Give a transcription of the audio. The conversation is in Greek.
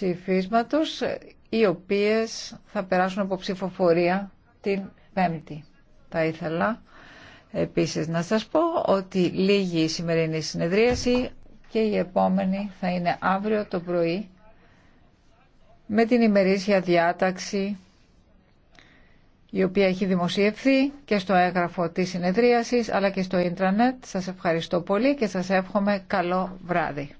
ψηφίσματος οι οποίες θα περάσουν από ψηφοφορία την Πέμπτη. Θα ήθελα επίσης να σας πω ότι λίγη η σημερινή συνεδρίαση και η επόμενη θα είναι αύριο το πρωί με την ημερήσια διάταξη η οποία έχει δημοσιευθεί και στο έγγραφο της συνεδρίασης αλλά και στο ίντρανετ. Σας ευχαριστώ πολύ και σας εύχομαι καλό βράδυ.